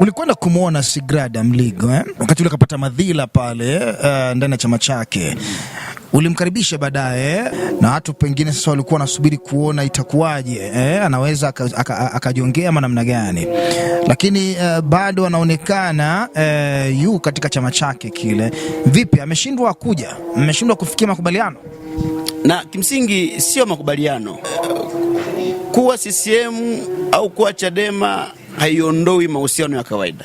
Ulikwenda kumwona Sigrada Mligo eh? Wakati ule akapata madhila pale uh, ndani ya chama chake, ulimkaribisha baadaye, na watu pengine sasa walikuwa wanasubiri kuona itakuwaje eh? Anaweza akajongea ama namna gani, lakini uh, bado anaonekana uh, yu katika chama chake kile. Vipi, ameshindwa kuja, ameshindwa kufikia makubaliano? Na kimsingi sio makubaliano kuwa CCM au kuwa Chadema haiondoi mahusiano ya kawaida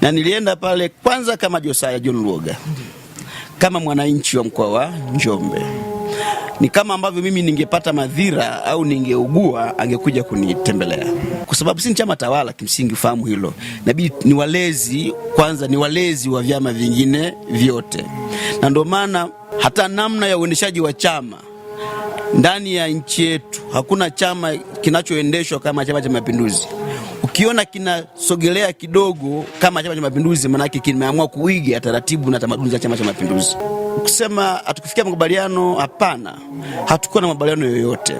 na nilienda pale kwanza kama Josaya John Luoga, kama mwananchi wa mkoa wa Njombe. Ni kama ambavyo mimi ningepata madhira au ningeugua, angekuja kunitembelea, kwa sababu si chama tawala. Kimsingi fahamu hilo, nabidi ni walezi kwanza, ni walezi wa vyama vingine vyote, na ndio maana hata namna ya uendeshaji wa chama ndani ya nchi yetu, hakuna chama kinachoendeshwa kama Chama cha Mapinduzi ukiona kinasogelea kidogo kama Chama cha Mapinduzi, maanake kimeamua kuiga taratibu na tamaduni za Chama cha Mapinduzi. Kusema hatukufikia makubaliano, hapana, hatukuwa na makubaliano yoyote.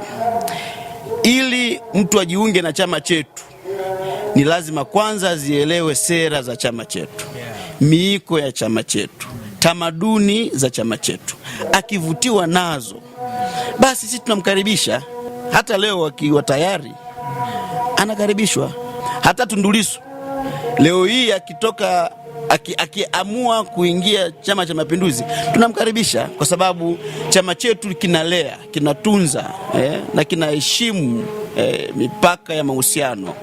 Ili mtu ajiunge na chama chetu, ni lazima kwanza zielewe sera za chama chetu, miiko ya chama chetu, tamaduni za chama chetu. Akivutiwa nazo, basi sisi tunamkaribisha. Hata leo akiwa tayari anakaribishwa. Hata Tundulisu leo hii akitoka akiamua aki kuingia Chama cha Mapinduzi tunamkaribisha, kwa sababu chama chetu kinalea, kinatunza eh, na kinaheshimu eh, mipaka ya mahusiano.